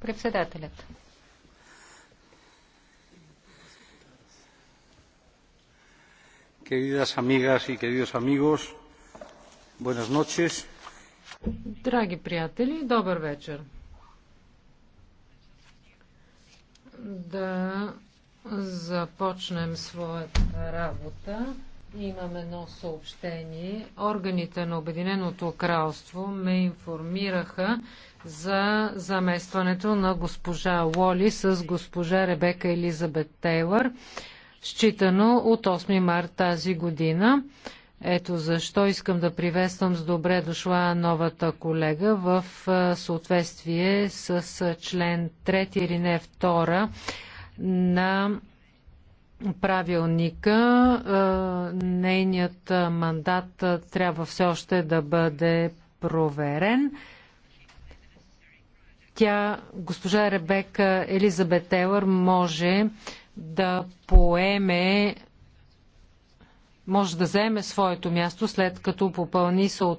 Председателят. Queridas amigas y queridos amigos, buenas noches. Драги приятели, добър вечер. Да започнем своята работа. Имам едно съобщение. Органите на Обединеното кралство ме информираха за заместването на госпожа Лоли с госпожа Ребека Елизабет Тейлър, считано от 8 март тази година. Ето защо искам да приветствам с добре дошла новата колега в съответствие с член 3 или не 2 на правилника, нейният мандат трябва все още да бъде проверен. Тя, госпожа Ребека Елизабет Телър, може да поеме, може да заеме своето място след като попълни съответно